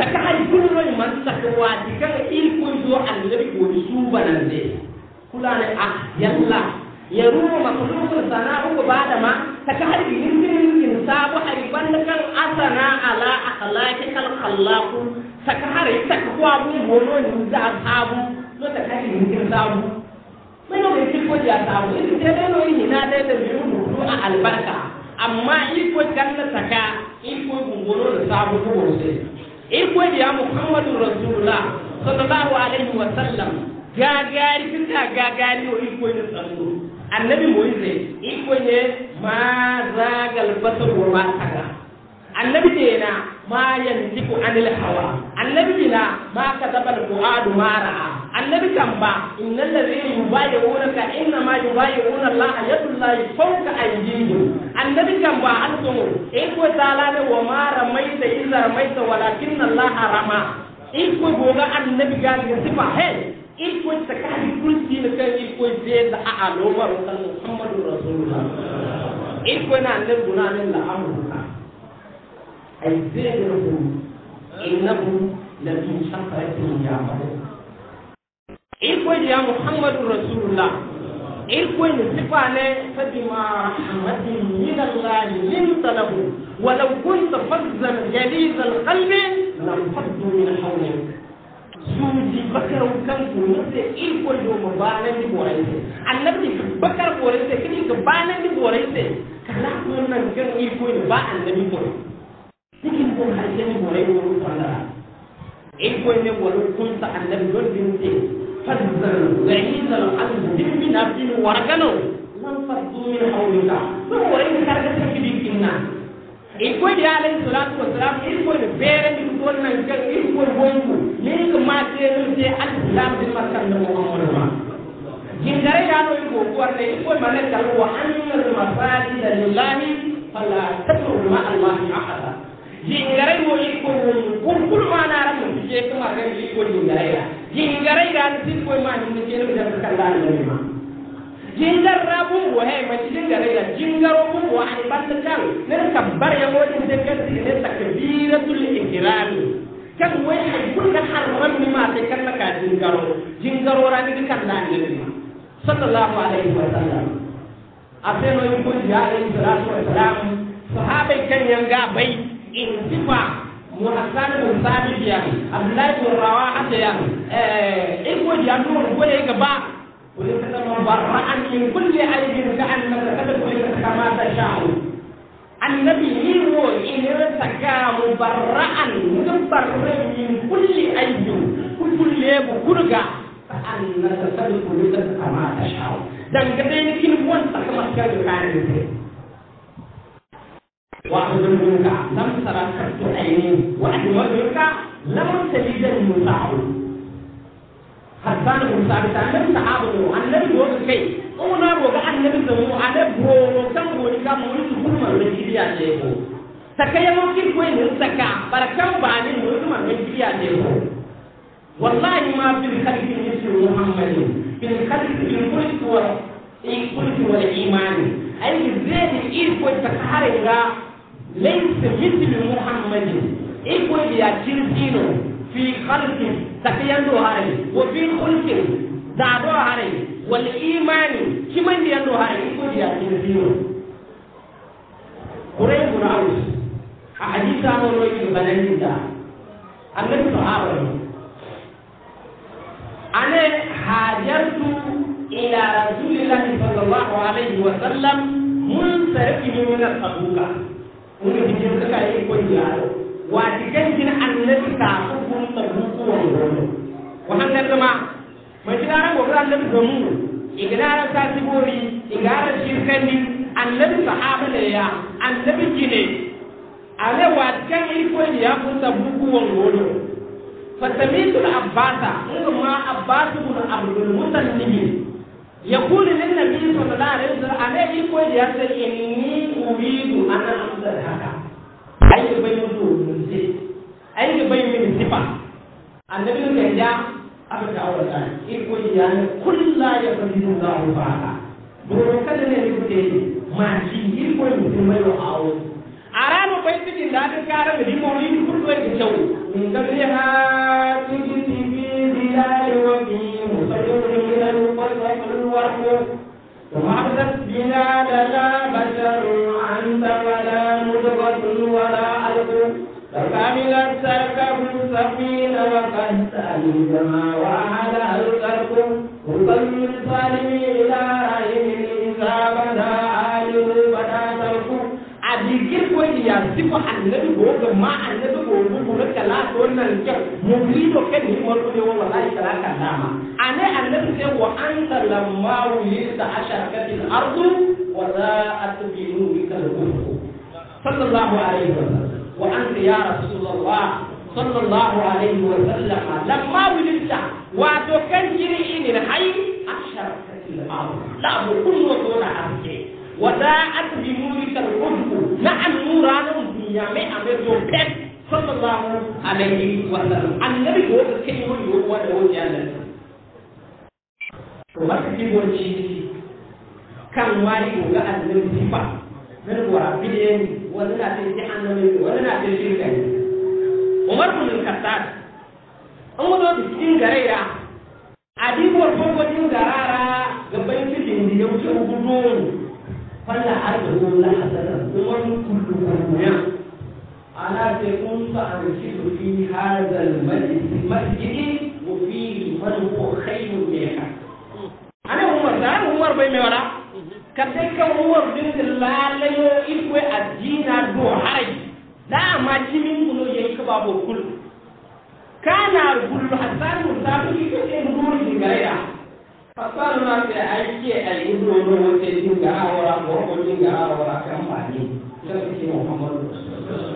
S2: taka hay kullo man takwa dikala il koy do annabi ko ni ba nan de kula ne a. yalla ya ruwa makulukun sana uku ba da ma ta ka harbi hirin insabu ban da kan asana ala akhlaqi kal khallaqu ta ka hari ta ka kwa bu mono ni za abu lokaci jirgin samu mino mai iko ya samu in sai dai no yi na dai da biyu mutu a albarka amma iko ganna saka iko gungoro da samu ko wose iko ya muhammadu rasulullah sallallahu alaihi wa sallam gagari kin gagari o ma zagal na ma anil hawa annabi na ma kadabal qur'anu ma ra'a annabi kan ba innal ladhina ka inna ma yubayyi'una Allah yadu Allah fawqa aydihim annabi kan ba an so in ko tala ne wa ma ramaita illa ramaita walakin Allah arama in ko goga annabi ga sifa he in ko ni kulti ne kan in ko je da a alomar Muhammadu Rasulullah in ko na annabi gunanin la'amurka ay zai ne ku innahu la fi shaqqatin ya'malun irkoy ya muhammadu rasulullah irkoy ni sifane sadima rahmatin min allah min talabu walau kunta fazzan ghaliz alqalbi lam faddu min hawlik suji bakar kan ku nase irkoy do mo banan di borayse annabi bakar borayse kini ga banan di borayse na. mun nan gan irkoy ba annabi ko cikin ko har borai boray ko fara irkoy ne walau kunta annabi don din فانزلوا وعيزلوا عنه من أبدين ورقنوا وانفضوا من حولك ثم وإن كانت تكبير كنا إكوي دي عليه الصلاة والسلام إكوي دي بيرن إكوي نجر إكوي بومبو ليك ما تيرن تي الإسلام دي مكان دي محمد ما jingare yaano i go kuwarne i koy mane tan wa anna almasajida lillahi fala tadru ma allahi ahada jingarai wo yi ko kun kul ma na ra mun je ko ma ga yi ko jingarai da jingarai da tin ko ma ni ke da ka da ni ma jingar bu wo he ma jingarai da jingaro bu wo ba ta kan ne ka bar ya mo din ka kan ne ta ke takbiratul ihram kan wai ai kun da harman ni ma ta kan ka jingaro jingaro ra ni ka da ni ma sallallahu alaihi wa sallam a sai no yi ko ya alaihi salatu wa salam sahabe kan yanga bai ihtifa muhassan bin sabit ya abdullahi bin rawaha ya eh ibo ya no ko ne gaba ويتكلم برا من كل عيب كأنك تدخل كما تشاء النبي يو إن رتكا مبرأ مبرأ من كل عيب كل عيب كرجا كأنك تدخل كما تشاء dan kata ini kini buat tak kemas kali kali واحفظ منك تمسر حتى عينيه واحد وجهك لم تجد المساع حسان المساع بتاع النبي صحابه النبي وقت كي أونا وقع النبي سمو على برو كم ولك مولد كل ما ولد يا شيخ سكيا ممكن كوين سكا بركم بعدين مولد ما ولد يا شيخ والله ما في الخلق مثل محمد في الخلق في الخلق والإيمان أي زاد الإيمان فتحرق laysa mithlu muhammadin iko ya kirtino fi khalqin takiyando hare wa fi khulqin dado hare wal imani kiman yando hare iko ya kirtino kurai gurawus a hadisa mo roki bananin da annabi sahaba ane hajartu ila rasulillahi sallallahu alaihi wa sallam mun sarki ngi di jëm ka ay ko yaar wa di jëm dina an la di ta ko bu mu ko ko won wa han na dama ma ci dara ko ran la ko mu igara ta ci bori ya jine ale wa kan ay ko ya ko ta bu ko won won fa tamitul abbasa ma abbas ibn abdul يقول للنبي صلى الله عليه وسلم أنا يقول ياسر إني أريد أن أحضر هذا أي بين من زيت أي بين من زفا النبي صلى الله عليه وسلم أبدا أولا يقول يعني كل لا يريد الله فعلا domin kada ne ne kuke yi maci irko musulmai wa awo a ranar kwai cikin daɗin kare da limoni duk kurdo da kyau in ga bi ha cikin tibi ziyare wa bi farko وما بنا لنا بشر أنت ولا مدغة ولا ألق فكامل السلكه السفين وقد سألت ما وعد الكرب وكل الظالمين إلى إن إذا بدا آله بدا ko ya sifa annabi go ga ma annabi go go go ka la to nan ke mu bi do ke ni mo ko wa la ka la ka na ma ane annabi ce wa anta lamma wulita asharakatil ardu wa ra'at bi nurika al sallallahu alaihi wa sallam wa anta ya rasulullah sallallahu alaihi wa sallam lamma wulita wa to kan jiri ni hay asharakatil ardu la mu kullu to na aske wa ra'at bi nurika al nyame to pɛ sallallahu alaihi wa sallam annabi ko ka kai mun yo wa da wani yana to ba ka ji wani kan wani ko ga annabi sifa nan wa bidiyan wani na ce annabi wani na ce shi kai Umar bin Khattab an wado da cikin gare ya a dibuwar farkon garara gaban cikin da ya wuce gudu wani falla har da wani umar kullu kullu ya ana ce kun sa cikin fi hadha al-masjid wa fi man huwa khayrun
S1: ana umar da umar bai mai wala
S2: ka sai kan umar din lalayo ikwe addina do harai da ma jimin kuno yayi ka babo kul kana gullu hasan musafi ke ke nuri ni gaira hasan na ke aike al no wote din ga awara ko din ga awara kan mani sai ke muhammadu sallallahu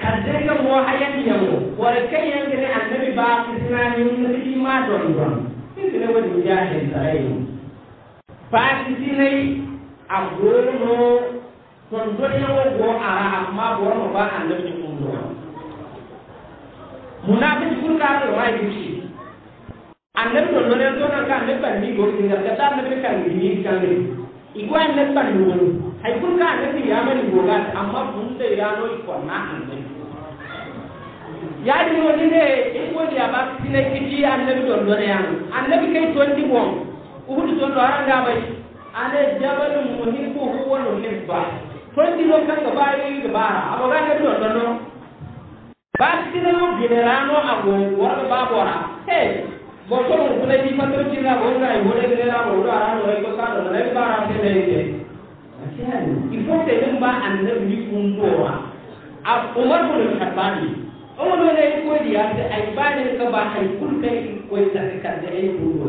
S2: kaddaga mo hayatiya mo wala kay yankene annabi ba kisnani nati ma don don kene wadi jahil sarai ba kisinai agorno kon don yawo go ara amma go mo ba annabi ko do munafiki kun ka to mai kici annabi don don to na ka annabi ni go kinga ka ta annabi kan ni kan ni igwa ne ban ni ai kun ka annabi ya mani goga amma kun da ya no ikon na annabi ya di no ni ne in ko ya ba ti ne kiji annabi don don ya annabi kai 20 won uhudu don do aran da bai ane jabal muhibbu huwa nuhibba 20 no kan ga bari da bara aboga ne don don no ba ti ne no generano ago wala ba bora hey bo so mun kula di patro kila wonga ai wona gele la wona aran no ai ko ka no ne bara te ne il faut que min ba annabi kumbowa a umar bin khattabi umar bin ai ko diya ta ai ba ne ka ba ai kul kai ko ta ka da ai kumbo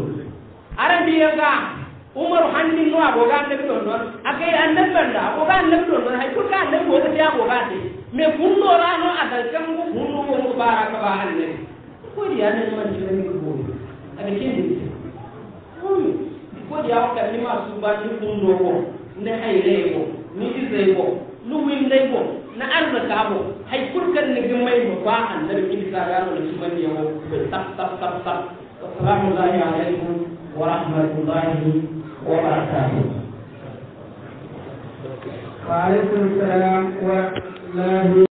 S2: arabi ga umar hanni no ago ga annabi don don akai annabi banda ago ga annabi don don ai kul ka ne ko ta ago ga te me kunno rano a dalkan ko kunno ko ko baraka ba annabi ko diya ne man jira ni ko a da ke ko diya ka ni ma su ba ni kunno ko na hayreybo ni iseybo ni windeybo na arzakaabo hay kul kaŋ nigi mayma ba annabi ibisagano na sumandiyawo ɓe sap sap sap sap wasalamullahi aleykum wa rahmatullahi wa barakatuh وعليكم السلام
S1: ورحمة الله